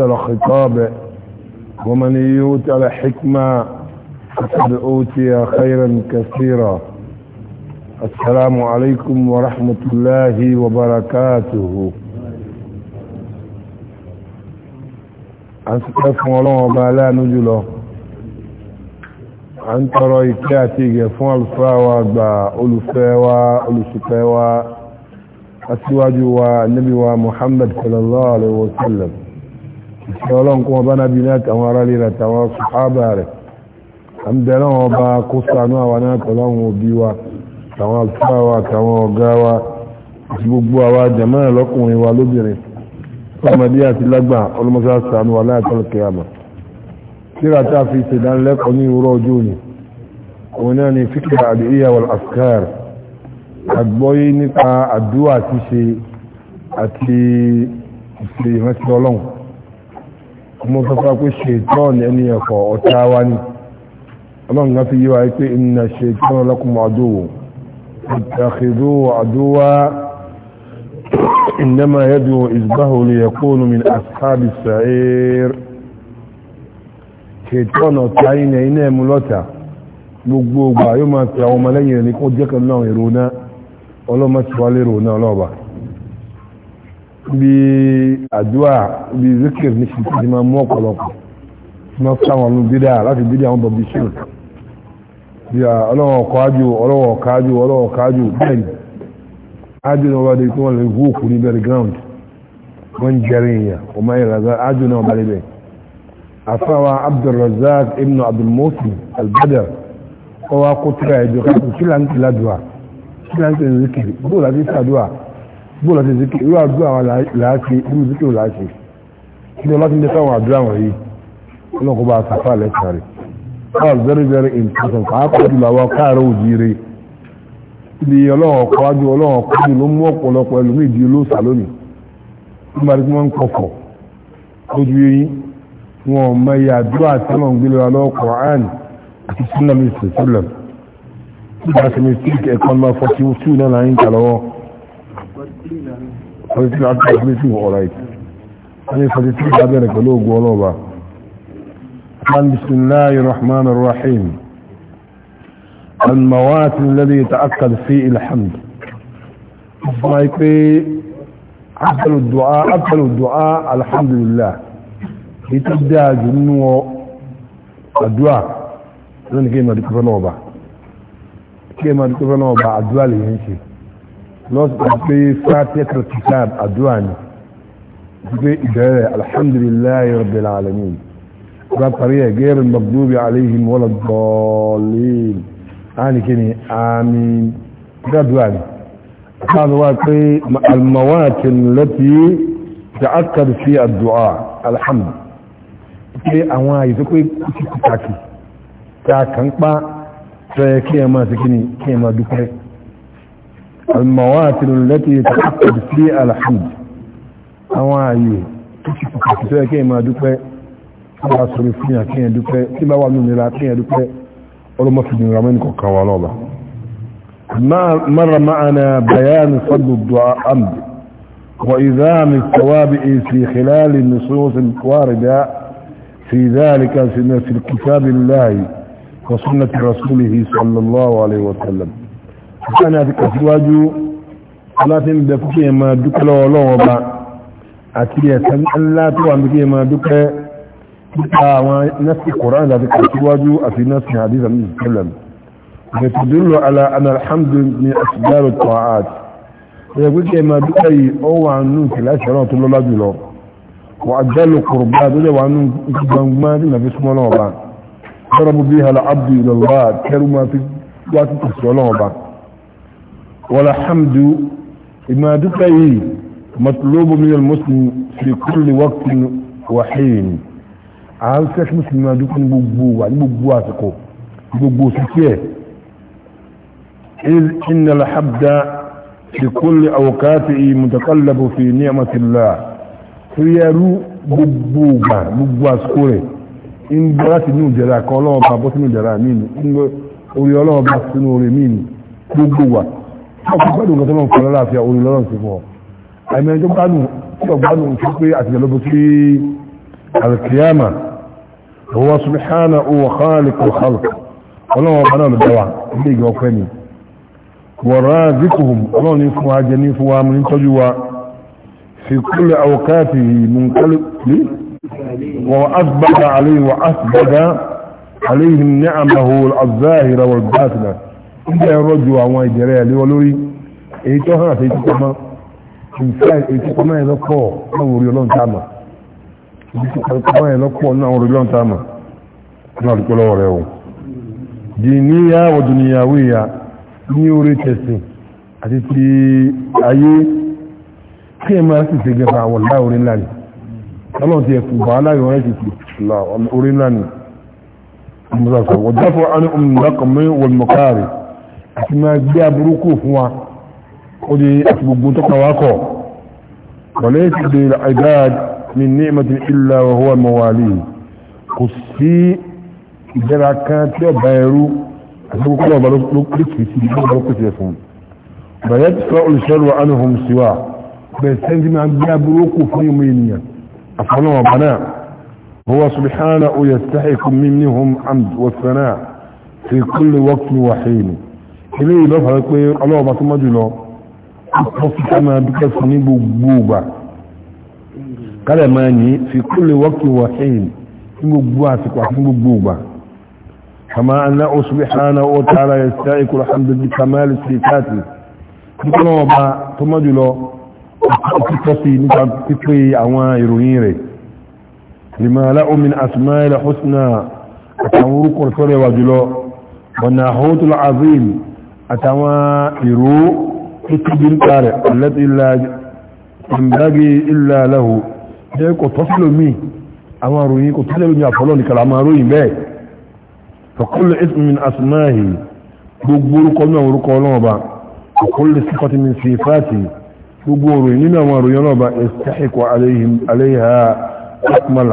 وأحسن خطابه ومن يوت على حكمة فقد أوتي خيرا كثيرا السلام عليكم ورحمة الله وبركاته أنسكف الله وبالا نجله أن ترى إكاتي فون الفاوة ألفاوة ألسكاوة أسواجوا النبي محمد صلى الله عليه وسلم ọlọ́run kó wọn bá nábi ní àtàwọn ará lè àtàwọn sùhábà rẹ̀ àmdẹ̀rẹ̀ wọn bá kó sànú àwọn náà tọ́lọ́run òbí wa àtàwọn àlùfáà wa àtàwọn ọ̀gá wa àti gbogbo àwa jàmáà lọ́kùnrin wa lóbìnrin ọmọdé àti lágbà ọlọ́mọsá sànú wa láàtọ́lọ́kẹ́ àmà síra tá a fi ṣèdánilẹ́kọ̀ọ́ ní ìwúrọ̀ ọjọ́ òní òun náà ni fíkìrà àdìyà wal askar àgbọ́yé nípa àdúrà ṣíṣe àti ìṣe ìrántí ọlọ́run kuma ta farko shaitan ne ya ko otawa ne amma ga fi yi wa yake inna shaitan lakum aduwu tattakhidu aduwa innama yadu izbahu li yakunu min ashabi sa'ir shaitan ọ̀tá ina ina mu lota gbogbo ọgbà yóò máa fi bi àdúrà bí zikir ní ṣe ti máa mú ọ̀pọ̀lọpọ̀ tí wọ́n sáwọn ọ̀nà bídà láti bídà àwọn bọ̀bí ṣe bí i ọlọ́wọ̀ káájú ọlọ́wọ̀ káájú ọlọ́wọ̀ káájú bẹ́ẹ̀ni ájú náà wádìí tí wọ́n lè hú òkú ní bẹ́ẹ̀ ground wọ́n jẹ́rẹ̀ èèyàn ọmọ ìrànlá ájú náà balẹ̀ bẹ́ẹ̀ afáwa abdulrazak ibn abdulmosi albadar ọwọ́ akótúrà ẹ̀jọ̀ káàkiri kí láǹtì ládùá kí láǹtì zikir bóòlù àti sàdùá bóòlù àti zikir irú àdúrà àwọn làásì nínú zikir làásì kí ni ọlọ́tí ń dẹ́sẹ̀ àwọn àdúrà wọ̀nyí ọlọ́kọ̀ bá sàfà lẹ́sẹ̀ rẹ̀ all very very important pàápàá jùlọ àwọn káàrọ̀ òjìire ibi ọlọ́wọ̀n kọ́ ájú ọlọ́wọ̀n kọ́ ájú ló mú ọ̀pọ̀lọpọ̀ ẹlòmíì di olóòsà lónìí nígbà tí wọ́n ń kọ̀kọ̀ lójú eyín wọn mọ àdúrà tí wọ́n ń gbélé wa lọ́wọ́ Quran àti sunnah mr sallam nígbà tí mr ẹ̀kọ́ nọ́mbà forty two náà ń kà lọ́wọ́ بسم الله الرحمن الرحيم الموات الذي يتأكد فيه الحمد ما أفضل الدعاء أفضل الدعاء الحمد لله يتبدا جنو الدعاء لن كيما دكتور نوبا كيما دكتور نوبا الدعاء اللي lọ́sí pé fàtíyàtà kìtàb àdúrà ni pé ìbẹ̀rẹ̀ alhamdulillahi rabbil alamin bá parí ẹ̀ gẹ́rẹ̀ magdubi alayhim wala dọ́ọ̀lìn ánìkíni àmín gbàdúrà التي تأثر في الدعاء الحمد pé àwọn àyè tó pé kìkìkì tàkì tàkà ń pá tẹ́ kí ẹ máa sí kí ni kí ẹ máa dúpẹ́ المواتل التي تحقق في الحمد اوايه تشكو مر معنا بيان فضل الدعاء امد وإذام الثواب في خلال النصوص الواردة في ذلك في الكتاب الله وسنة رسوله صلى الله عليه وسلم ìṣẹ́ ni a ti kàtíwájú aláfin bẹ fún kí ẹ máa dúpẹ́ lọ́wọ́ ọlọ́wọ́ ọba àti ẹ̀sán ńlá tó wà ní kí ẹ máa dúpẹ́ nípa àwọn nọ́ọ̀sì koran àti kàtíwájú àti nọ́ọ̀sì hadith àti ìsìlẹ̀m ìtòdúró ala alhamdu ni asigaru ta'at ẹ̀yẹ pé kí ẹ máa dúpẹ́ yìí ó wà nù kìláṣẹ́ ọ̀rọ̀ tó lọ́lá jùlọ wà jẹ́lu kùrùbá tó lè wà nù gbangban tí nàfi súnmọ́ náà ọba ضرب بها العبد الى الله كرما في وقت الصلاه ولا حمد ما دفعي مطلوب من المسلم في كل وقت وحين عن سيخ مسلم ما دفع نبقبو وعن بقبو عسقو بقبو سكيه إذ إن الحمد في كل أوقاته متقلب في نعمة الله فيارو بقبو بقبو عسقو إن براتي نو جراك الله بابوت نو جرا مين إن أولي الله بابوت نو رمين بقبو ọgbẹ́dùn kan tó lọ́n kọ́lá láàfíà orí lọ́rùn sí fún ọ àìmọ́ ẹjọ́ gbádùn tí ọgbádùn tó pé àtìlẹ́ lọ́bọ̀ sí alkiyama wọ́n subhana owó khaliqul khalq ọlọ́run ọba náà ló dáwà ilé ìgbà ọpẹ́ ni wọ̀rọ̀ zikuhum ọlọ́run ní fún wa jẹ ní fún wa mú ní tọ́jú wa fi kulli awqati munqalibi wọ́n asbaga alayhi wa asbaga alayhi ni'amahu al-zahira wal-batina níbi ẹ̀rọ ju àwọn ìjẹ̀rẹ̀ ẹ̀léwọ́ lórí èyí tó hàn àti ìtìpamọ́ ìfẹ́ ìtìpamọ́ yẹn lọ́pọ̀ náà orí ọlọ́run tá a mọ̀ ìtìpamọ́ yẹn lọ́pọ̀ náà orí ọlọ́run tá a mọ̀ ní àdúgbò lọ́wọ́ rẹ̀ o. dìníyà wọ̀dùnìyàwó ìyá ní orí tẹ̀sìn àti ti ayé kí ẹ máa sì ṣègbè fún àwọn ọ̀la orí ńlá ni ọlọ́run ti ẹ̀ fún bàálà ìwọ̀n ẹ̀ ti fi orí ńlá ni. Musa sọ, wọ́n dáfọ́ àánú ọmọ ìlú àti máa gbé aburúkú fún wa ó di àti gbogbo tó kàn wá kọ̀ wọ̀lẹ́ ti di ibad min ni'matin illa wa huwa mawali kò sí ìdára kan tí ọba ẹrú àti gbogbo ọba ló kìí sí ìdára ló kìí sí ẹfún bẹ̀rẹ̀ ti ba eru ati gbogbo oba lo kii si idara olùsọ́rọ̀ wa anuhum siwa bẹ̀rẹ̀ sẹ́ńtì máa gbé aburúkú fún ìmú ènìyàn àfọ̀nà ọ̀bà náà هو سبحانه يستحق منهم عمد والثناء في كل وقت وحين ilé ìlọ́ fàá pé ọlọ́ọ̀bá tó mọ́ jùlọ ọ̀fíkà máa dúkẹ́ fún ní gbogbo ọgbà kálẹ̀ máa ní fi kulli waqti wa hin fún gbogbo àsìkò àti gbogbo ọgbà kama anna subhanahu wa ta'ala yasta'iqu alhamdu bi kamal sifati ọlọ́ọ̀bá tó mọ́ jùlọ ọ̀fíkọ́ sí nípa pípé àwọn ìròyìn rẹ̀ lima lahu min asma'il àtàwọn orúkọ rẹ̀ wà jùlọ wa nahutul azim àtàwọn ìró tó tóbi ń parẹ̀ alẹ́tí ilá ìgbàgbé ilá aláhù jẹ́ kò tọ́ sí lómi àwọn àròyìn kò tọ́ lómi àfọlọ́ nìkan àmà àròyìn bẹ́ẹ̀ fọkúnlẹ̀ ismin asmáhì gbogbo orúkọ náà orúkọ ọlọ́ọ̀ba fọkúnlẹ̀ sífàtí min sífàtì gbogbo òròyìn nínú àwọn àròyìn ọlọ́ọ̀ba ìsìtẹ́kọ̀ aléhà akmal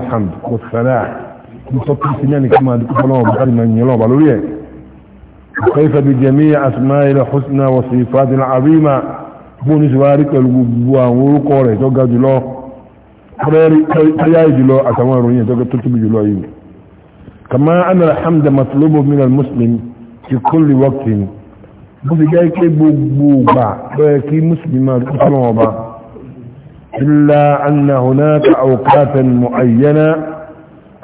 وكيف بجميع أسماء الحسنى وصفات العظيمة بون سوارك الغبوة ورقورة توقع جلو حياي جلو أتوان رونية توقع تلتب جلو أيوه كما أن الحمد مطلوب من المسلم في كل وقت بس جاي كي بوبا كي مسلم إلا أن هناك أوقات معينة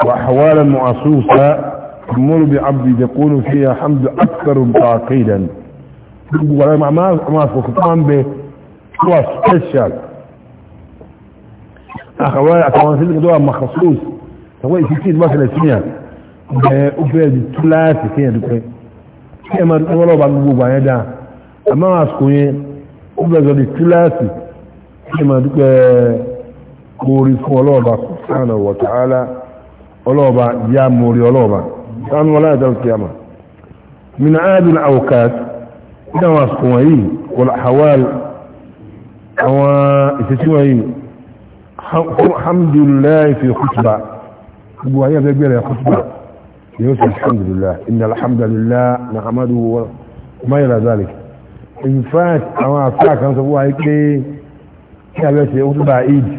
وأحوالا معصوصة أمر بعبد يقول فيها حمد أكثر تعقيدا ولا ما ما ما فكتان به هو سبيشال أخويا أتوان في الموضوع مخصوص هو يفكر مثلا سنة أفراد ثلاثة سنة دقيقة كما ولو بعد بوبا يدا أما أسكوني أفراد ثلاثة كما دقيقة كوري فولوبا سبحانه وتعالى ọlọ́ọ̀ba يا موري ọlọ́ọ̀ba كان ولا يدعو القيامة من عاد الأوقات إذا واسكوين والأحوال أو إتسوين الحمد لله في خطبة وهي بيقول يا خطبة يوسف الحمد لله إن الحمد لله نحمده وما إلى ذلك in fact àwọn àfáà kan sọ wáyé pé kí a bẹ́ ṣe ó túbà ìdí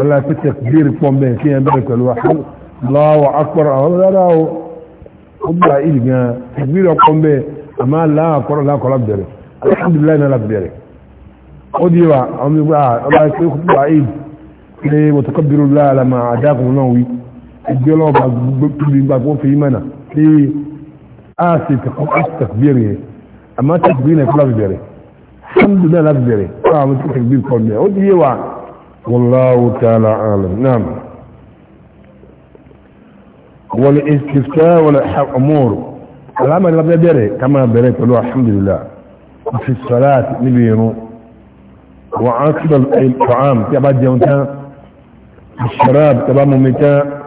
ọlá pẹ́tẹ̀ bí rí pọ́ńbẹ̀ kí ẹ bẹ̀rẹ̀ pẹ̀lú àfáà láwọ̀ akọ́rọ̀ àwọn ọlọ́dá o ó gbà ìdí gan ìgbìr ọkọ̀ ń bẹ́ àmá láàkọ́rọ̀ lákọ̀ọ́lá bẹ̀rẹ̀ alhamdulilayi náà bẹ̀rẹ̀ ó di wa àwọn ọmọ ìgbà ọba ìpé kúkúrò àìd ní mọ̀tọ́kọ́bìrú láàlá máa àdákùn náà wí ẹgbẹ́ ọlọ́ọ̀bà gbogbo ìgbà kó fi mẹ́nà pé a sì tẹ̀kọ́bìrì yẹn àmá tẹ̀kọ́bìrì والاستفتاء والامور العمل اللي بيدري كما بيري قالوا الحمد لله في الصلاة نبينو وعقد الطعام تبع جونتا الشراب تبع ممتا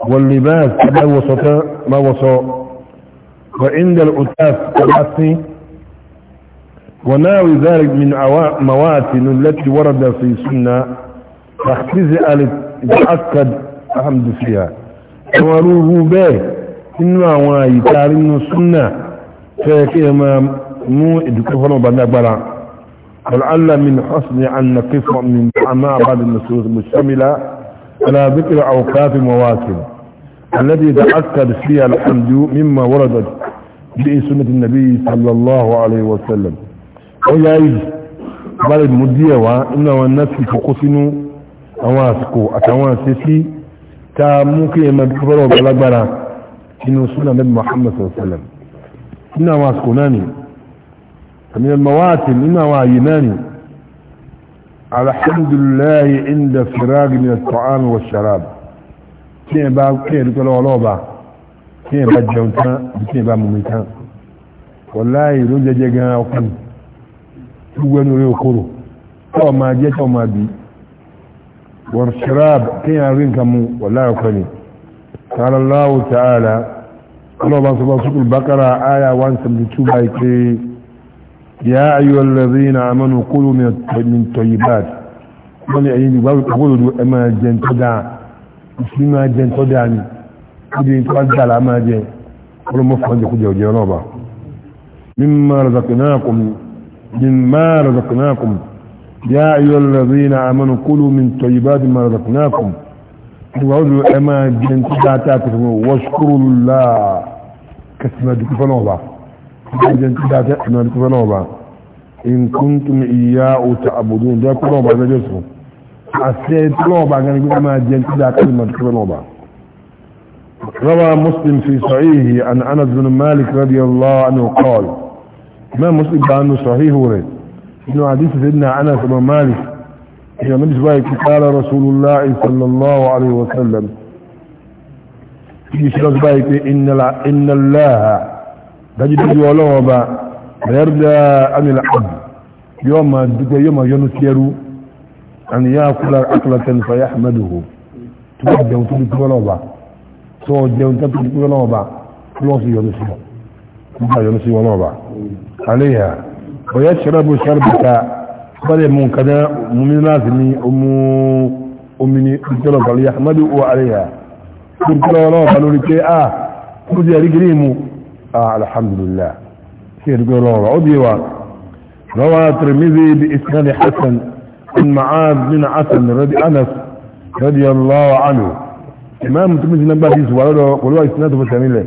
واللباس تبع وسطا ما وسط وعند الأتاف تبعثي وناوي ذلك من مواتن التي ورد في سنة تختزئ لتتأكد الحمد فيها àwọn به bẹ́ẹ̀ nínú àwọn àyíká nínú súnà fẹ́ kí ẹ máa mú fọ́nà ọba lágbára ولعل من حسن أن نقف من أمام بعد النصوص المشتملة على ذكر أوقات المواسم التي تأكد فيها الحمد مما وردت بسنة النبي صلى الله عليه وسلم الناس أتواسسي ta mú kí ẹmọ fọ́rọ̀ gbalagbara inú súnà nabi muhammad sallam inú àwọn àsìkò náà ni àmì ẹmọwáàtì inú àwọn àyè náà ni alhamdulillahi inda firagi min at-ta'am wa sharab kí ẹ bá kí ẹ dúpẹ́ lọ́wọ́ lọ́ọ̀bà kí ẹ bá jẹun tán kí ẹ bá mú mi tán wàláyé ló jẹjẹ gan ọkùnrin gbogbo ẹnu rẹ okoro tọ́ máa jẹ́ tọ́ máa bìí والشراب كي يعرين كمو والله يقني قال الله تعالى قال الله سبحانه سورة البقرة آية 172 بايكي يا أيها الذين آمنوا قلوا من الطيبات wọ́n ni ẹ̀yìn ìgbà àkókò ẹ máa jẹ ń tọ́jà ìsinmi máa jẹ ń tọ́jà ni níbi tó bá dà láà máa jẹ ọlọ́mọ fún ọjọ́ kújẹ ọjọ́ náà bá mímọ́ rẹ̀ zàkùnáàkùn mímọ́ rẹ̀ zàkùnáàkùn يا أيها الذين آمنوا كلوا من طيبات ما رزقناكم وعودوا أما جنتي تاتكم واشكروا الله كما دكفنوبا جنتي تاتكم إن كنتم إياه تعبدون ده كنوبا نجسهم أسيت نوبا كان يقول يعني أما جنتي روى مسلم في صحيحه عن أنس بن مالك رضي الله عنه قال ما مسلم بأنه صحيح ورد إنه حديث سيدنا أنس بن مالك إذا نبي سبايك قال رسول الله صلى الله عليه وسلم يشرك بايك إن, إن الله تجد يولوه با يرجى أن العبد يوم يوم ينسير أن يأكل أكلة فيحمده تبدأ وتبدأ يولوه با تبدأ وتبدأ يولوه با خلاص ينسير عليها ويشرب شربك بل من كذا ممنازني أم أمني أجرب ليحمده عليها قلت له الله قالوا لك آه قلت يا رجريم آه الحمد لله خير قالوا الله عديوا روى الترمذي بإسناد حسن عن معاذ بن عسل رضي أنس رضي الله عنه إمام الترمذي نبه في سؤاله قلوا إسناده فسامي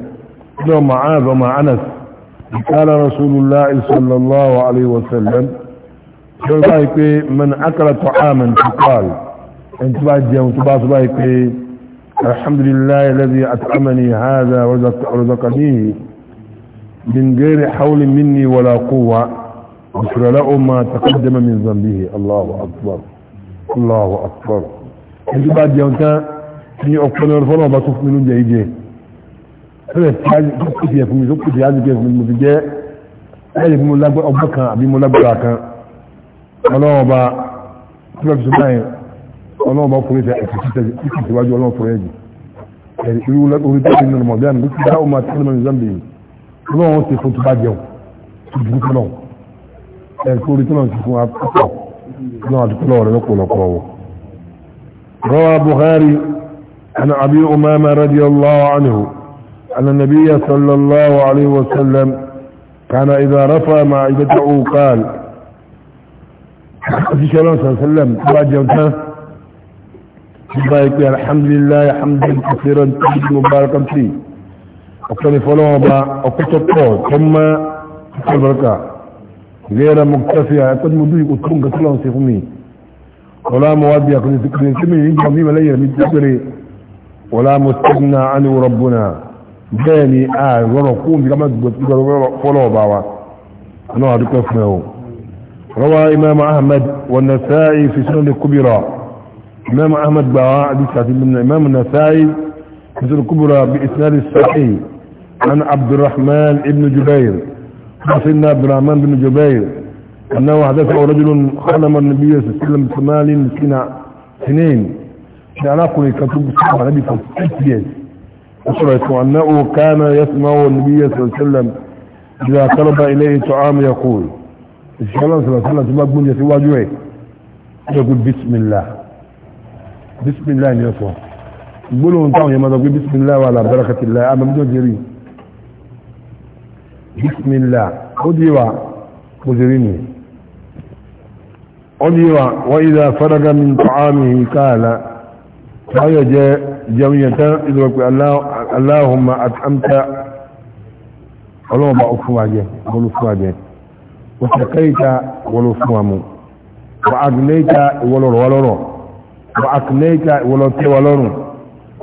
له معاذ ومع أنس قال رسول الله صلى الله عليه وسلم يقول من أكل طعاما تقال انت بعد يوم تباس الحمد لله الذي أطعمني هذا ورزقنيه من غير حول مني ولا قوة غفر له ما تقدم من ذنبه الله أكبر الله أكبر انت بعد يوم تباس يقول فلما بتفمنون جايجين fẹ́rẹ̀ tí a kò tiẹ̀ fún mi tó kò tiẹ̀ ájú kẹfún mi mo ti jẹ́ ẹ̀rì mo lágbá ọgbọ́ kan àbí mo lágbára kan ọlọ́wọ́ bá tí wọ́n fi sọ báyìí ọlọ́wọ́ bá kúrò ẹ̀sìn títẹ̀ ìkì síwájú ọlọ́wọ́ fúnra ẹ̀jì ẹ̀rì irú orí tó ti nínú ọmọdé àná tó ti dá ọmọ àti ọmọ zambi ọlọ́wọ́ ti fún tó bá jẹun tó dùn tó náà ẹ̀rì tó rí tó náà ti fún apọ̀ náà àti kúlọ̀ rẹ̀ lọ́pọ̀lọpọ̀ wọ. روى البخاري عن ابي امامه رضي الله عنه أن النبي صلى الله عليه وسلم كان إذا رفع معدته قال في صلى الله عليه وسلم تراجمته بايك الحمد لله حمد كثيرا تجد مباركا فيه أكثر فلوه با أكثر ثم أكثر بركة غير مكتفية قد مدوي أتكون كثيرا سيخمي ولا موادية قد يسكرين كمي يجب مما ليه ولا مستغنى عنه ربنا bẹ́ẹ̀ ni àìrọ̀rọ̀ kóhùn bí gbọ́rọ̀ fọ́lọ̀ọ̀bá wa náà dúkọ́ fún ẹ̀hùn rọwá imam ahmed wọn nasa'i fi sunan kubira imam ahmed gba wa adisa ti limna imam nasa'i fi sunan kubira bi isnadi sahi an abdurrahman ibn jubair حسنا عبد الرحمن بن جبير انه حدثه رجل خلم النبي صلى الله عليه وسلم ثمانين سنين سنين شعلاقه كتب سنة نبي for six years أسرته أنه كان يسمع النبي صلى الله عليه وسلم إذا طلب إليه طعام يقول الشيخ الله صلى الله عليه وسلم يقول يتواجعه يقول بسم الله بسم الله يسوع يقولوا انتهوا يا ماذا بسم الله وعلى بركة الله أما بدون جري بسم الله أديوا مجريني أديوا وإذا فرغ من طعامه قال فهي جميعا إذا الله اللهم أطعمت اللهم أفواجه ولفواجه وسقيت ولفوام وأغنيت ولر ولر وأقنيت ولت ولر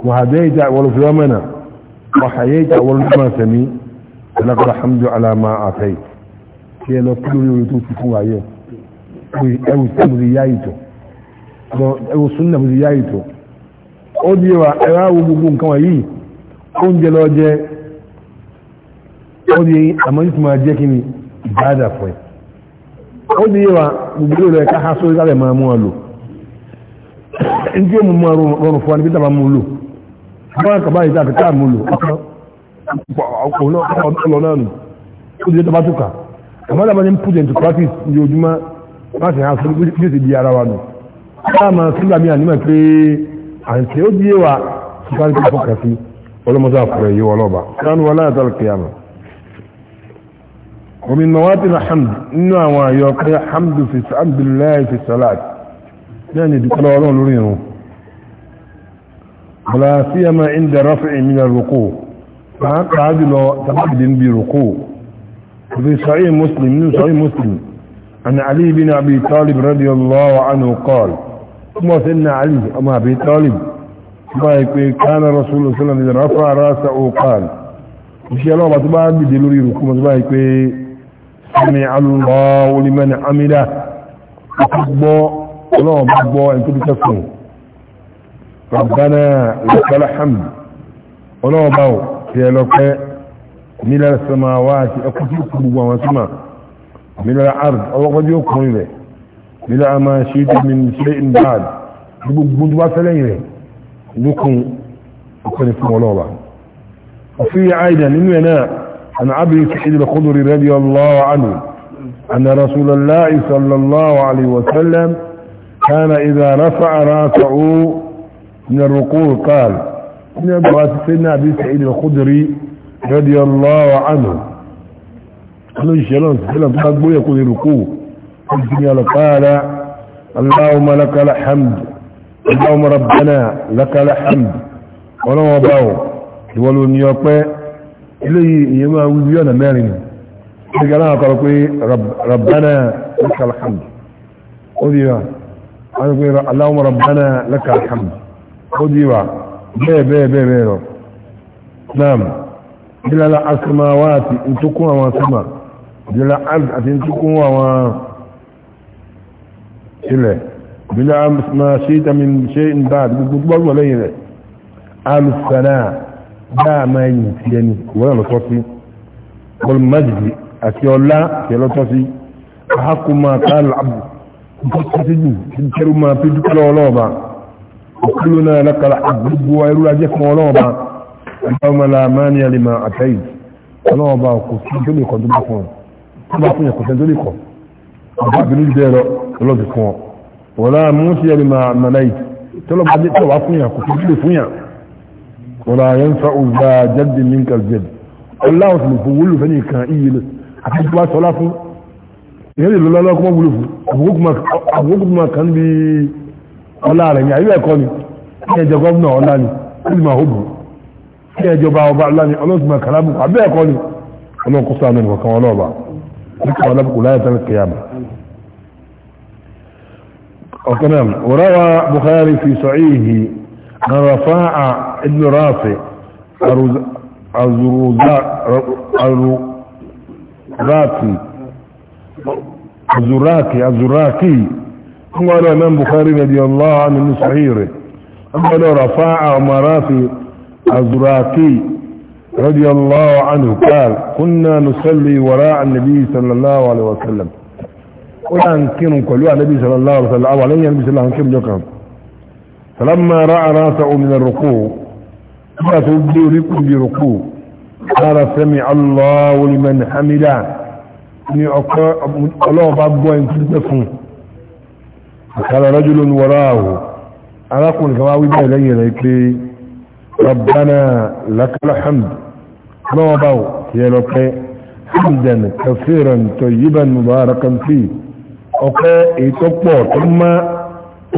وهديت ولفوامنا وحييت ولما سمي لك الحمد على ما أتيت كي لو كل يوتو تفواجه أو سمريايتو أو سنة بريايتو ó di wa ẹ̀rá wo gbogbo nǹkan wọ̀nyí oúnjẹ lọ jẹ ó ní àmọ́jútù máa jẹ́ kí ni ìbáàdà fún ẹ̀ ó ní yíwa gbogbo rẹ̀ káha sórí kálẹ̀ máa mú àlò ní tí ó mú mú rọrùn fún àníbítà máa mú lò àwọn àkàbà ìta àkàkà mú lò ọ̀pọ̀lọ́ náà nù ó ti jẹ́ tọba túkà àmọ́ dàbà ní put into practice ní ojúmọ́ láti hàn sórí bí ó ti di ara wa nù káà máa sílẹ̀ àmì ànímọ̀ pé àǹtí ó di yíwa ìfáàní tó ولمزافر أيه ولوبا كان ولا القيامة ومن مواطن الحمد إنه هو يقول حمد في الحمد لله في الصلاة يعني دي قالوا لرينه ولا سيما عند رفع من الركوع فهذا هذه تبدل بركوع في صحيح مسلم من صحيح مسلم عن علي بن أبي طالب رضي الله عنه قال ثم سيدنا علي أم أبي طالب báyìí pé kánà rasulù sílẹ̀ ní rafa rasa okan iṣẹ́ ọlọ́ọ̀bá tó bá dìde lórí ìrùkú mọ́ báyìí pé sami alùlọ́wọ́ liman amida gbọ́ ọlọ́ọ̀bá gbọ́ ẹni tó dúkẹ́ fún rabbana lakala hamd ọlọ́ọ̀bá ò ti ẹ lọ́pẹ́ nílẹ̀ samawa àti ẹkú tí ó gbogbo àwọn símà nílẹ̀ ard ọlọ́kọ́jú gbogbo gbogbo bá rẹ̀ لكم وكان يكون ولولا وفي عايدا لمنا عن عبد الكحيد الخضري رضي الله عنه أن رسول الله صلى الله عليه وسلم كان إذا رفع راسعه من الركوع قال من أبغى سيدنا عبد الكحيد الخضر رضي الله عنه قال إن شاء الله وسلم تقبوا يقول الركوع قال اللهم لك الحمد اللهم ربنا لك الحمد ولو باو ولو نيوبه إلي يما ويبيونا مارين تقالها قالوا رب ربنا لك الحمد قديوا قالوا اللهم ربنا لك الحمد قديوا بي بي بي بي نعم إلا لا السماوات إن تكون وما سما إلا الأرض إن تكون وما إليه بلا ما شئت من شيء بعد بقول ولا قالوا الثناء دا ما ينتيني ولا نصفي والمجد أتيولا كيلو تصي أحق ما قال العبد تسجن تذكر ما في ذكر ولوبا وكلنا لك العبد ويرولا جك ولوبا اللهم لا مانع لما أتيت ولوبا وكسين تلي قد بكون تبقى فين يكسين تلي قد أبا بنجد يلو ولو تكون wọ́la mútíyà bí máa mẹ́lẹ́ì tọ́lọ̀ bá dẹ́tọ̀ wá fúnyà kò fún lè fúnyà wọ́la yẹn fa òzà jáde ní nǹkan jẹ́bi ọláwọ̀ tó lè fún wúlò fẹ́ nìkan iye lè àti tó bá sọlá fún ìyẹn lè lọ́lọ́ kọ́ wúlò fún àbúkù máa kàn bí ọlá rẹ̀ ní ayé ẹ̀kọ́ ni gọ́vnà ọlá ni máa ọba ọlá ni ọlọ́sùn máa نعم وروى بخاري في صحيحه عن رفاع ابن رافع الزراكي الزراكي الزراكي قال امام بخاري رضي الله عنه من صحيحه رفاعة رفاع مرافي الزراكي رضي الله عنه قال كنا نصلي وراء النبي صلى الله عليه وسلم قلان كنوا كلوا نبي صلى الله عليه وسلم أولين نبي صلى الله عليه وسلم فلما رأى راسه من الرقوع قلت أبدو لكم برقوع قال سمع الله لمن حمله أني أقرأ الله بأبوا إن كنت فقال رجل وراه أنا أقول كما أود إلي ربنا لك الحمد ما أبوا يا لك حمدا كثيرا طيبا مباركا فيه ọ̀pẹ́ ètò pọ̀ tó má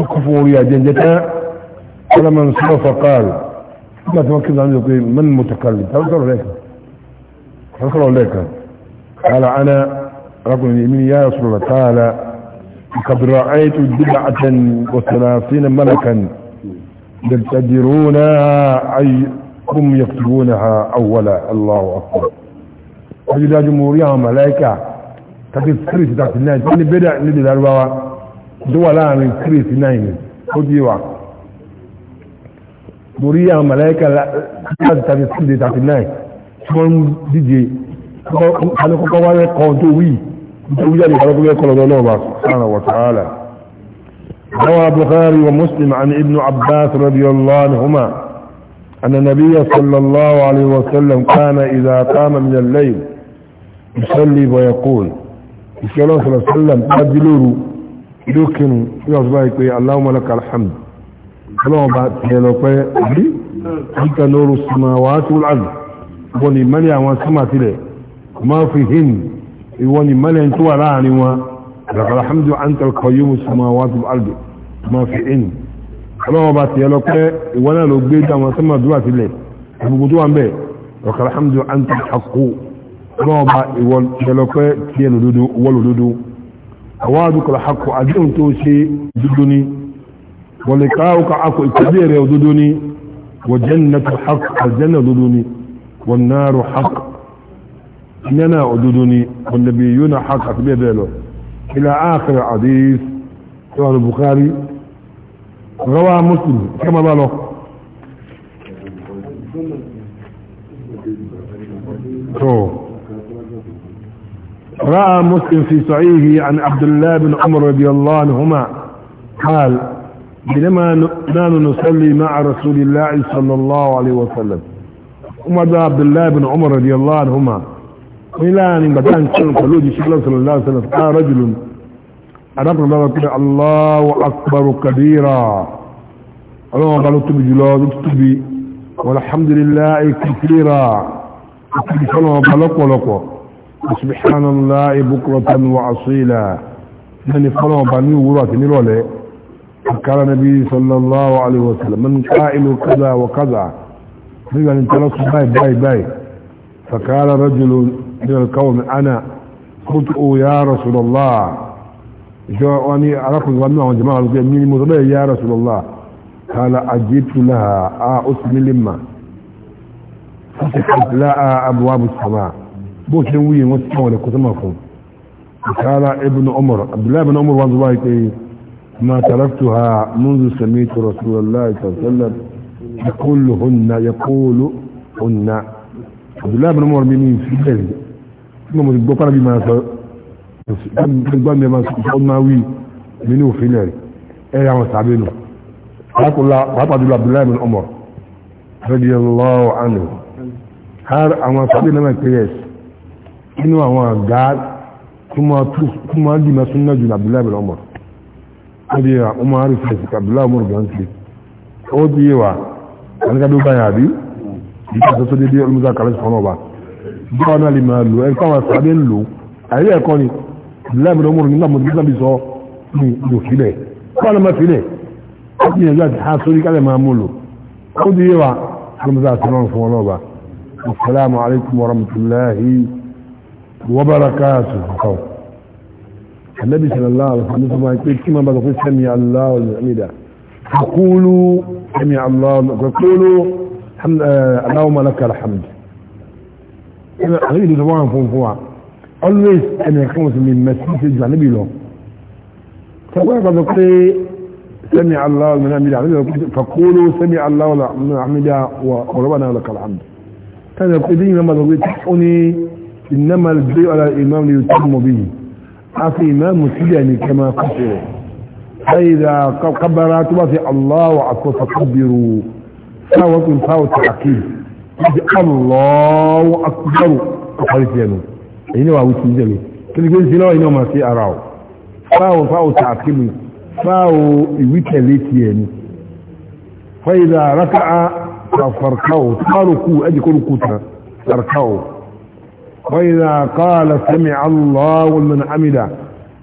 ọkọ̀ fún orí àjẹjẹ tán ọlọ́mọ̀n sọ́fọ́kàl يبتدرون أي هم يكتبونها أولا الله أكبر أجل جمهورية وملائكة tàbí 339 wọ́n ni bẹ́dà lédè lárúbáwá tó wà láàrin 339 ó di wà torí àwọn màláíkà láti tàbí 339 tí wọ́n ń díje alẹ́kọ́kọ́ wá rẹ́kọ́ tó wí tó wí jáde alẹ́kọ́kọ́ rẹ́kọ́ lọ́dọ́ náà wà sára wà sára روى بخاري ومسلم عن ابن عباس رضي الله عنهما أن النبي صلى الله عليه وسلم كان إذا قام من الليل يصلي ويقول ìṣẹ́ ọlọ́run sọ̀rọ̀ sọ́lọ́m ájí lóru lókinu ní ọ̀sán báyìí pé Allahumma lakal hamd ọlọ́run bá tiẹ̀ lọ pé àbí níta lóru sọmọ wàá tó láàbù wọn ni mẹ́lẹ̀ àwọn sọ́mà tilẹ̀ máa fi hin ìwọ ni mẹ́lẹ̀ tó wà láàrin wọn lakal hamdu antal qayyum sọmọ wàá tó láàbù máa fi hin ọlọ́run bá tiẹ̀ lọ pé ìwọ náà ló gbé dáwọn sọ́mà dúrà tilẹ̀ gbogbo ń bẹ̀ lakal hamdu antal haqqu rọ́ọ̀bá ìwọ̀lọ́pẹ́ tí ẹnu dúdú wọ́lòdúdú àwọn àdúkọ̀lá hakọ̀ àdéhùn tó ṣe dúdú ní wọlé káàkà akọ̀ ìtàdé rẹ̀ dúdú ní wọ̀jẹ́nàtò hakọ̀ àjẹ́nà dúdú ní wọ̀nàrò hakọ̀ nẹ́nà dúdú ní wọ̀nàbí yóná hakọ̀ àti bẹ́ẹ̀ bẹ́ẹ̀ lọ Oh. رأى مسلم في صحيحه عن عبد الله بن عمر رضي الله عنهما قال بينما نحن نصلي مع رسول الله صلى الله عليه وسلم ومدى عبد الله بن عمر رضي الله عنهما وإلى أن بدأن كان صلى الله عليه وسلم قال رجل أرقنا الله الله أكبر كبيرا الله قالوا تبي تبي والحمد لله كثيرا تبي صلى الله عليه وسلم سبحان الله بكرة وأصيلا من فلو بني ورات نيرولي قال النبي صلى الله عليه وسلم من قائل كذا وكذا من انت تلص باي باي باي فقال رجل من القوم أنا قلت يا رسول الله جاءني أرقل ظنه جماعة من مطلع يا رسول الله قال أجبت لها أسمي لما فتحت لها أبواب السماء bó ṣe ń wúyẹ wọ́n ti tán ọ̀lẹ̀ kó sọ́mà fún ìkàrà ibn umar abdullahi ibn umar wọn zọba ìpè ma taraktu ha munzu sami tu rasulallah sallam yakulu hunna yakulu hunna abdullahi ibn umar mi ni fi bẹ́ẹ̀ ni mo ti gbọ́ pàrọ̀ bí máa sọ gbọ́ mi máa sọ máa wí mi ní òfin lẹ̀ ẹ̀ yà wọn sàbẹ̀ nù pàápàá jùlọ abdullahi ibn umar nínú àwọn àgá kúmọ̀ dìmọ̀ súnmọ̀ jù Abdullahi bin Umar ó di wa ọmọ arúfẹ́ sí Abdullahi Umar gan sí ó di wa alẹ́kàdó báyà bí ìgbà tó tó dédé olùmúta kàlẹ́ sí fọ́nà ọba bí wọn náà lè máa lò ẹ káwọn sábẹ́ ń lò àyè ẹ̀kọ́ ni Abdullahi bin Umar nígbà mọ̀ nígbà bí sọ ní ìlò sílẹ̀ káwọn máa sílẹ̀ ó ti yànjú àti hàn sórí kálẹ̀ máa mú lò ó di wa olùmúta àti ọlọ́run fún ọlọ́ba Assalamu alaikum warahmatullahi وبركاته النبي صلى الله عليه وسلم يقول كما بقول سمي الله الحمد فقولوا سمع الله فقولوا اللهم لك الحمد انا اريد زمان فوق فوق always انا كنت من مسيس النبي له فهو بقول سمي الله من الحمد فقولوا سمي الله الحمد وربنا لك الحمد ثاني يقول لي ما بقول تحوني إنما البيع على الإمام ليتم به أفي إمام سيدني كما قصر فإذا قبرات وفي الله أكبر فقبروا فاوة فاوة عقيد الله أكبر فقرتينه إنه هو سيدني كنت قلت له إنه ما سي أراه فاوة فاوة عقيد فاوة ويتليتيني فإذا ركع ففركوا تاركوا أجي كل كتر تركوا وإذا قال سمع الله من عمله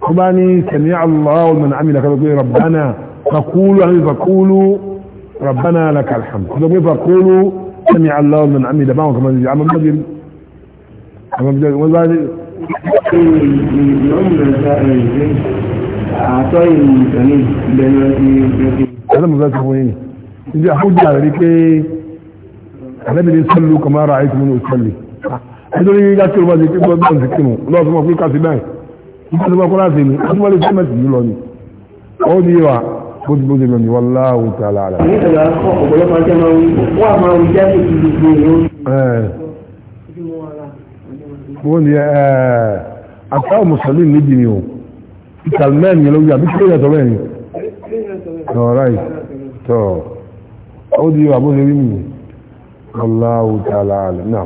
خباني سمع الله من عمله كذا ربنا فقولوا يعني فقولوا ربنا لك الحمد كذا فقولوا سمع الله من عمله ما هو كما يجي عمل مجل عمل مجل وذلك هذا مزاج وين إذا أحوجي على ذلك النبي صلوا كما رأيت من أصلي nítorí láti ọba ti pípọ́ náà ti kírun lọ́wọ́ fún ọkùnrin káfí báyìí nígbà tó bá kọ́ láti ní wọ́n lè fún mẹ́sì lọ ni ó ní wa bó ti bó ti lọ ní wọ́n láwù tà lára. ní ìgbà ọ̀pọ̀lọpọ̀ ọjọ́ máa ń wọ́n àmọ́ àwọn ìjà tó ti gbogbo ìlú. wọ́n ní àtàwọn mùsùlùmí níbi ni o ìtàlmẹ́ẹ̀ ni lórí àbí kílódé ẹ̀tọ́ mẹ́rin ọ̀ráì tọ́ ó di wa bó ti rí mi wọ́n láwù tà lára náà.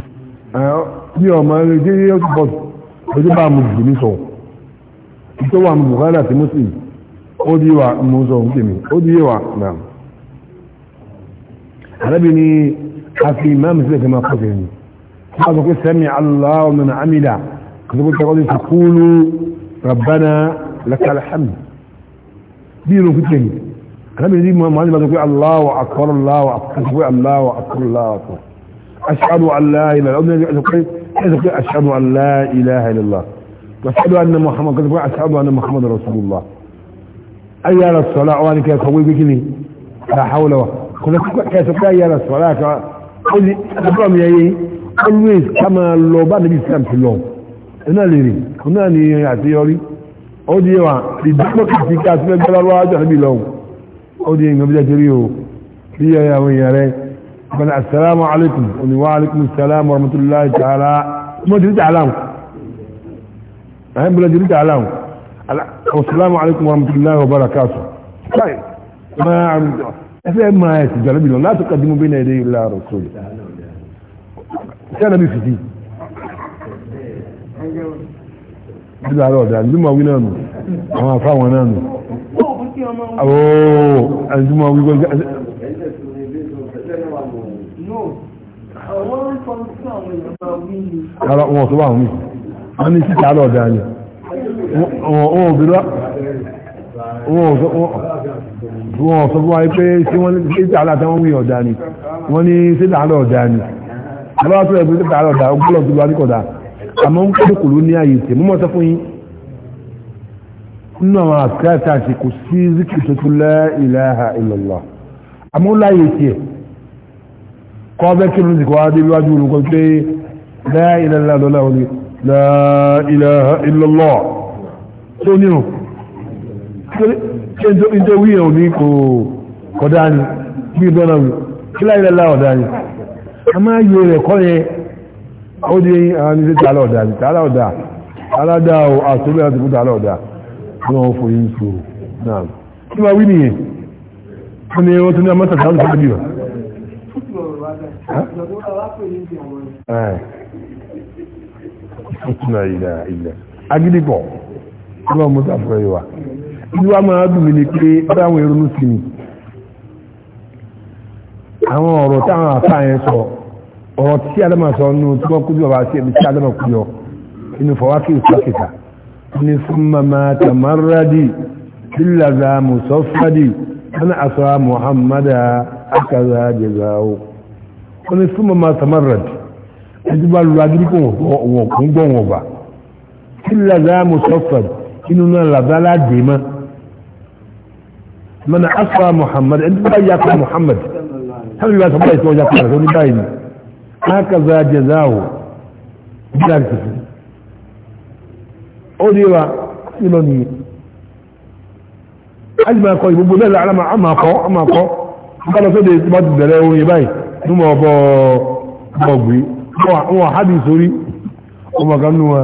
bí ọmọ rẹ̀ jẹ́ yẹ́ ti bọ̀ ọjọ́ bá mu jù ní sọ ìtọ́ wà mu bùkálà àti muslim ó di wà mú sọ ń tèmi ó di yé wà àrẹ́bí ni a fi máa sílẹ̀ fi máa kọ́sẹ̀ ni wọ́n sọ pé sẹ́mi aláwọ̀ mẹ́rin amílà kò sọ pé kẹ́kọ́ rabbana lakal bí irun fi tèmi àrẹ́bí ni mo máa ń sọ pé aláwọ̀ akọ́rọ̀ aláwọ̀ akọ́rọ̀ aláwọ̀ akọ́rọ̀ aláwọ̀ akọ́rọ̀ أشهد أن لا إله إلا الله أشهد أن لا إله إلا الله وأشهد أن محمد أشهد أن محمد رسول الله أي على الصلاة وأنا كأقول بكني لا حول ولا قوة كأسبق أي على الصلاة قل أبرم يا إيه always كما لو بعد الإسلام في اليوم هنا ليري هنا ني يعطيوري ó di wa ìdúgbò kìí ká sí ẹgbẹ́ lọ́wọ́ ajọ́ níbi lọ́wọ́ ó di ìgbàmídẹ́ torí o bí ẹ̀yà àwọn èèyàn rẹ̀ bala assalamu alaikum oni wa alaikum assalam wa rahmatullahi ta'ala mo jiri ta'ala ayi eh, bula jiri ta'ala assalamu alaikum wa rahmatullahi wa barakatuh kai ma ẹfẹ́ máa ẹ̀sì jàlẹ́bì lọ láti kàdímú bí náà ilé ìlà rọ̀ sórí sẹ́nàbí fìdí ìlà rọ̀ dà ní màwí náà nù àwọn afáwọn náà nù àwọn ẹ̀sìn màwí gbọ́dọ̀ ara wọn tó bá wọn mi wọn ní síta lọ dáa ni wọn ò bí lọ wọn ò sọ fún wa pé sí wọn ní síta aláta wọn wíyàn ọ̀dà ni wọn ní síta alá ọ̀dà ni lọ́wọ́ tó yẹ pé síta alá ọ̀dà ọgbọ́n tó lọ àmọ́ ń kọ́ kòló ní ààyè tẹ̀ mọ́ sọ fún yín nínú àwọn àkíyàtà àti kò sí zikì tó tún la ilaha illallah àmọ́ láàyè tiẹ̀ kọ́ bẹ́ kí ló ti kọ́ adé wájú olùkọ́ pé la ilaha illallah wọlé la ilaha illallah tó ní o ṣe ń tó wíyẹ̀ òní kò kọ̀dá ni bí ìdọ́nà wí kí la ilaha illallah ọ̀dá ni a máa yọ rẹ̀ kọ́ yẹn ó di àwọn ní tààlà ọ̀dà ní tààlà ọ̀dà aládà ò àtúbẹ̀ àti fún tààlà ọ̀dà ní wọ́n fòyí ń sòrò náà kí wá wí nìyẹn wọ́n ni wọ́n tún ní amọ́tàtà ń sọ́dọ̀ Eh. agídìpọ̀ ọlọ́ mọ́ta fún ẹ̀yọ́ ìlú a máa dùn mí ní pé ọdá àwọn èrò sí mi àwọn ọ̀rọ̀ táwọn àfà yẹn sọ ọ̀rọ̀ tí adama sọ nù tí wọ́n kú ọba sí ẹbí tí adama kú yọ inú fọwákì ìfàkìkà ní fún mama tamaradi tilaza musafadi ana asọ́ muhammada wọ́n ní súnmọ́ máa tamarad ẹjú bá lu adirikun wọn kún gbọ́ wọn bá kí lada musafar inú náà lada aládé ma mana afa muhammad ẹjú bá yàtọ̀ muhammad sábà yàtọ̀ báyìí tí wọ́n yàtọ̀ rẹ̀ lórí báyìí ni hakaza jazahu bí a ti fi ó dé wa kí lọ nìyẹn ajima kọ ìgbogbo lẹ́la alama amakọ amakọ nígbà lọ sóde tí wọ́n ti bẹ̀rẹ̀ báyìí túnmọ̀ ọbọ̀ ọgbì wọn hádìí sórí ọmọ ganú wa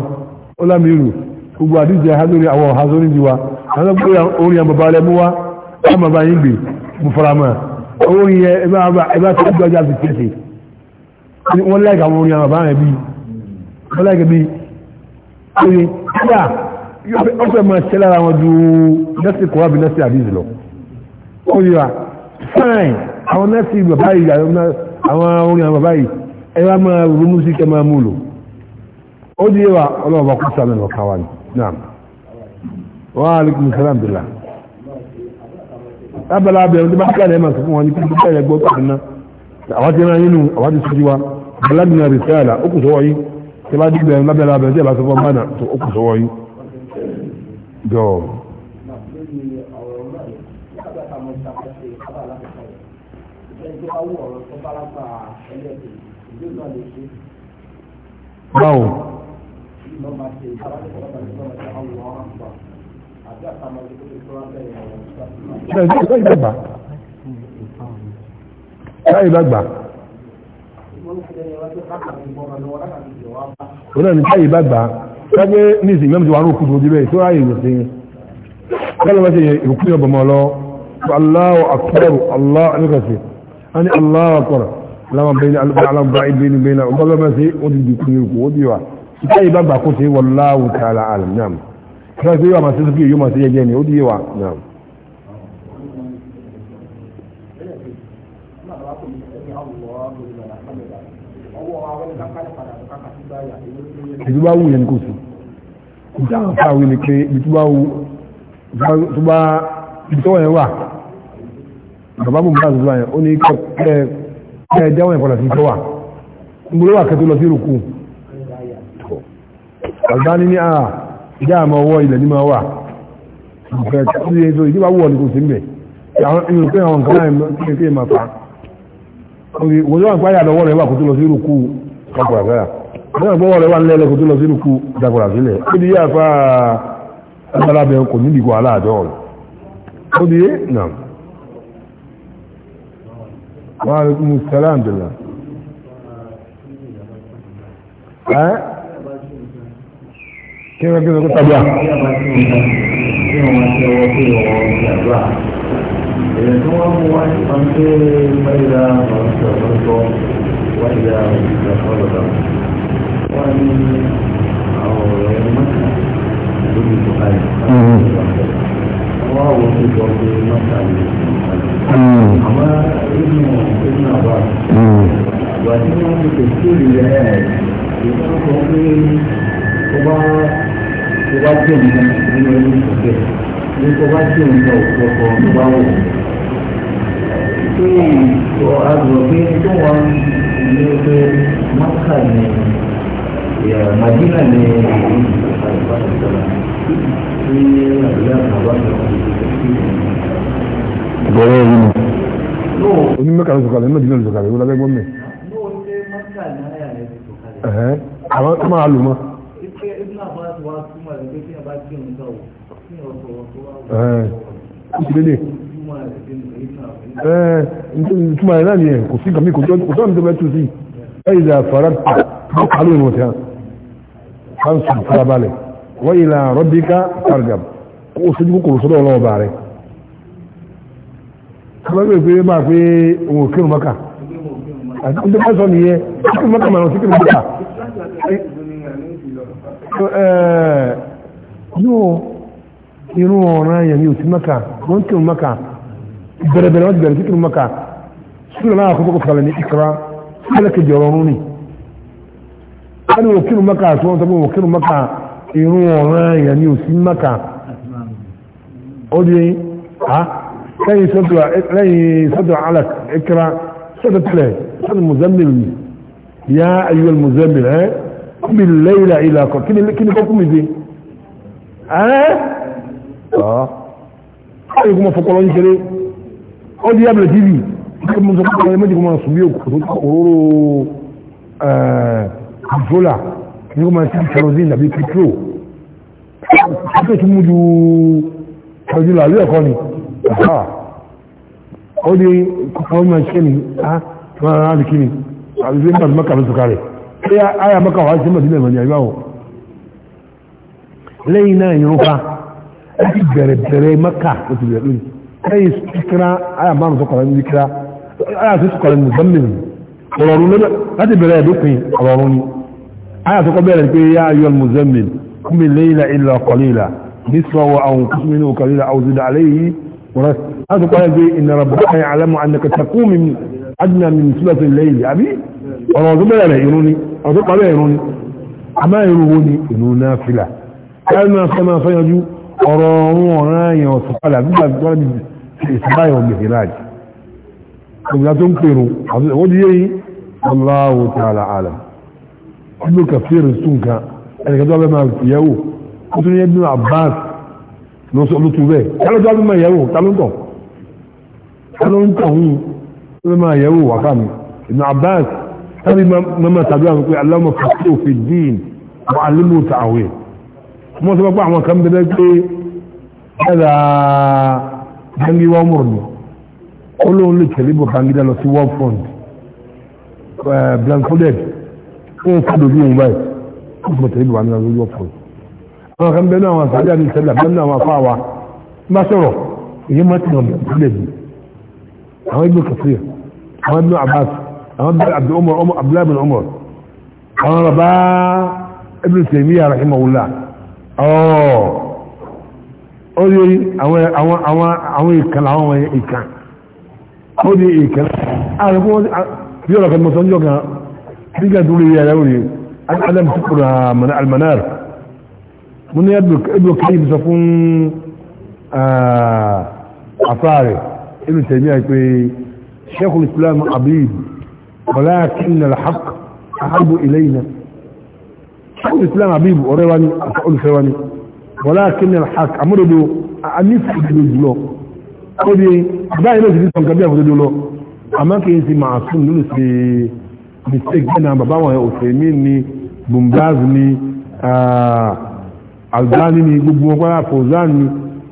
ó lámìírù gbogbo àdíjẹ hádìí àwọn ọ̀há sórí jíwa àwọn gbé orin àbàbà rẹ̀ mú wa ọmọ bá yín gbè mú faramọ́ orin yẹ ẹbá tó gbọ́jà sí kẹsì wọ́n láìka àwọn orin àbàbà rẹ̀ bí wọ́n láìka bí orin kíá yóò fẹ́ máa ṣẹlẹ̀ ara wọn ju nẹ́sì kọ́wá bí nẹ́sì àdíjì lọ ó yíra fine àwọn nẹ́sì bàbá ìyá àwọn orin àwọn bàbá yìí ẹwà máa ronú sí kẹma múlò ó di ẹwà ọlọ́ọ̀bà kú sàmì ọ̀ká wa náà wà á lékún sàlám bìlà lábàlá abẹ̀rún tí bá kílẹ̀ ẹ̀mà sọ fún wọn ní kí kílẹ̀ ẹgbọ́ pàdánà àwọn ti rán nínú àwọn ti sọ́jú wa bàlámìnà rìsáàlà ó kù sọ́wọ́ yìí tí bá dìgbẹ̀rún lábàlá abẹ̀rún tí ẹ̀ bá sọ fún ọmọ náà ó kù sọ́wọ́ yìí báwo láyé lágbà ó náà ní láyé lágbà sáyé ní ìsìn mẹ́mìtì wà ní òkú tó débẹ̀ tó ráyè ìrọ̀sẹ̀ yẹn kọ́lọ̀ mẹ́sẹ̀ yẹn ìrùkú yọ bọ̀mọ̀ lọ Allahu akbar Allahu akbar láwọn bẹ́ẹ̀ aláwọ̀ bá ibi ní bẹ́ẹ̀ náà ọgbọ́n bẹ́ẹ̀ sí ó ti dìkú ní ikú ó di wa ìtẹ́ yìí bá gbà kó ti wallahu ta'ala alam náà fún ẹgbẹ́ yóò máa ṣe sókè yóò máa ṣe yẹjẹ ni ó di wa náà. ìtúbà wù yẹn kò sí ìjà àwọn fáwọn pé ìtúbà tó bá ìtọ́wọ̀ wà bàbá bùnbà tó bá yẹn ó ní kẹ́kẹ́ ẹ jáwọ́ yẹn padà sí tó wà gbogbo wà kẹtọ́ lọ sí rùkú Albani ní àà ah, ìjà àmọ́ ọwọ́ ilẹ̀ ní máa wà ìfẹ́ tí yẹn tó ìdíbà wọ̀ ní kò sí mbẹ̀ àwọn ìrìn pé àwọn nǹkan láì fi máa fa wọ́n yóò pàyà lọ́wọ́ rẹ̀ wà kó tó lọ sí rùkú dàgbàrà sílẹ̀ wọ́n gbọ́wọ́ rẹ̀ wà nílẹ̀ kó tó lọ sí rùkú dàgbàrà sílẹ̀ ó di yá fa alábẹ́ kò nídìí kó aláàdọ́ rẹ̀ ó di وعليكم السلام بالله ها كيف كده كنت ابيع Mm-hmm àwọn tó jọ pé mọ́ta lè ṣe àmọ́ nínú ìpínlẹ̀ àbá ìgbà tí wọ́n ti tètè rẹ̀ ẹ̀ ìgbà sọ pé tó bá tó bá jẹ́ nǹkan nínú ẹni ìṣẹ̀lẹ̀ ní tó bá jẹ́ nǹkan òkúrọ̀kọ̀ tó ni Madina Bọ̀rọ̀ yìí ni. Onímọ̀ kan sọ̀kalẹ̀ náà jìnnà sọ̀kalẹ̀ wọ́n lábẹ́ gbọ́n mẹ́. Àwọn tó máa lò mọ́. Ìpínlẹ̀. Ìtumọ̀ ẹ̀ náà ni ẹ̀ kò sí kàmí kò tó ń tó bẹ́ẹ̀ tó sí. Ẹ̀ ìdá fara kàlù ìmọ̀ sí hàn fansi farabalẹ̀ wa ila rabbika targab kó o sojú kòkòrò sọ́dọ̀ ọlọ́wọ́ bá rẹ̀ kábàgbé pé máa pé òun ò kírun mọ́kà àti kúndé bá sọ nìyẹn kírun mọ́kà màá sí kírun mọ́kà yóò irun ọ̀ràn yẹn ní òsì mọ́kà wọ́n kírun mọ́kà bẹ̀rẹ̀ bẹ̀rẹ̀ wọ́n ti bẹ̀rẹ̀ sí kírun mọ́kà sùgbọ́n náà àkọ́kọ́ kọ̀ọ̀lẹ̀ ní ìkra sílẹ̀ kejì ọ̀rọ̀ ọ̀run ni wọ́n ní wọ́kínú mẹ́ka àti wọ́n sọ pé wọ́kínú mẹ́ka irun ọ̀ràn èèyàn ní òsì mẹ́ka ó di ha lẹ́yìn sọ́dọ̀ lẹ́yìn sọ́dọ̀ alak ekira sọ́dọ̀ tilẹ̀ sọ́dọ̀ muzammil ya ayyul muzammil ẹ́ kúmi lẹ́yìnlá ilà kọ́ kí ni kọ́ kúmi di ẹ́ ọ́ ọ́ ìkúmọ̀ fọkọlọ́ ń ṣeré ó di yàbẹ̀lẹ̀ tv kí ni mo sọ pé ọmọ ẹ̀mẹ́jì kọ́ sùn bí òkú tó kọ́ òróró ẹ̀ẹ́ àjọ́là ní ó máa sí kerosene àbí petrol ṣe tún mú ju kerosene àlú ẹ̀kọ́ ni ó dé kọ́kọ́ máa ṣe ní á tí wọ́n rárá kí ni àbíṣe nígbà mọ́kà ló sọ̀kà rẹ̀ ṣé àyà mọ́kà wá sí mọ̀sílẹ̀ ìmọ̀ ní àyíwá o lẹ́yìn náà ìrún fa ó ti bẹ̀rẹ̀ bẹ̀rẹ̀ mọ́kà ó ti bẹ̀rẹ̀ lónìí lẹ́yìn kíkíra àyà márùn-ún sọ̀kà rẹ̀ ní kíkíra àyà tó sọ̀kà rẹ̀ ní gbọ́mìnì ọ̀rọ̀ ọ̀run láti bẹ̀rẹ̀ ẹ̀dópin ọ̀rọ̀ ọ̀run ni aya tó kọ́ bẹ̀rẹ̀ pé yá ayọ́ muzammil kúmi layla illa qalila nisfahu aw anqus minhu qalila aw zid alayhi wọ́n láti kọ́ pé inna rabbaka ya'lamu annaka taqumu min adna min thulathi al-layli àbí ọ̀rọ̀ tó bẹ̀rẹ̀ irun ni ọ̀rọ̀ tó parẹ́ irun ni àmá irun wo ni irun nafila káyọ̀ náà fẹ́ ọ̀rọ̀ ọ̀run ibnu kafir sunka ẹnì kan tó bẹ́ẹ̀ máa yẹ̀wò ó tún ní ibnu abbas ló sọ ló tu bẹ́ẹ̀ kálọ́ tó bẹ́ẹ̀ máa yẹ̀wò kálọ́ tọ̀ kálọ́ ń tọ̀ hún tó bẹ́ẹ̀ máa yẹ̀wò wákà mi ibnu abbas sábì mama tàbí àwọn pé aláwọ̀ fàṣẹ òfin dín wà á lémù tàwé mo sọ pé àwọn kan bẹ́ẹ̀ pé ẹ̀dà bangi wa murdu olóhùn lè tẹ̀lé bọ̀ bangi lọ sí one front eh, blankuded wọ́n kọ́ dojú wọn báyìí wọ́n kọ́ tẹ̀lé ìwà nínú lójú ọ̀pọ̀ àwọn kan bẹ́ẹ̀ náà àwọn àṣàjà ní ìṣẹ̀lẹ̀ àbẹ́ náà àwọn afáwa bá sọ̀rọ̀ èyí má ti hàn lẹ̀ bí àwọn ibùdó kẹfìyà àwọn ibùdó abbas àwọn ibùdó abdullahi bin umar àwọn bàbá ibùdó tèmíyà rahimahullah ọ̀ọ́ ó di àwọn àwọn àwọn àwọn ìkan àwọn ìkan ó di ìkan ààrẹ fún bí ọ̀rọ̀ kan mọ̀sánjọ́ kan حقيقة دولي يا لولي ألم تقرها من المنار من يبدو ابن كيف سفون عطاري ابن تيمية يقول شيخ الإسلام عبيد ولكن الحق أحب إلينا شيخ الإسلام عبيد أريواني أقول سواني ولكن الحق أمرده أنفع بالجلو أقول دي أبدا يلوش دي سنكبيا فدلو أما كينسي معصوم نلسي mistake bẹ́ẹ̀ náà bàbá wọn òsèmí ni bumbaz ni ah, albani ni gbogbo wọn kọ́lá fòzán ni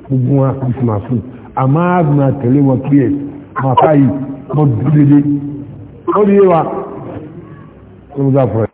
gbogbo wọn kìsìmà fún àmọ́ àgbà tẹ̀lé wọn kí ẹ̀ wọn fáyì wọn dúdú dédé ó di yé wa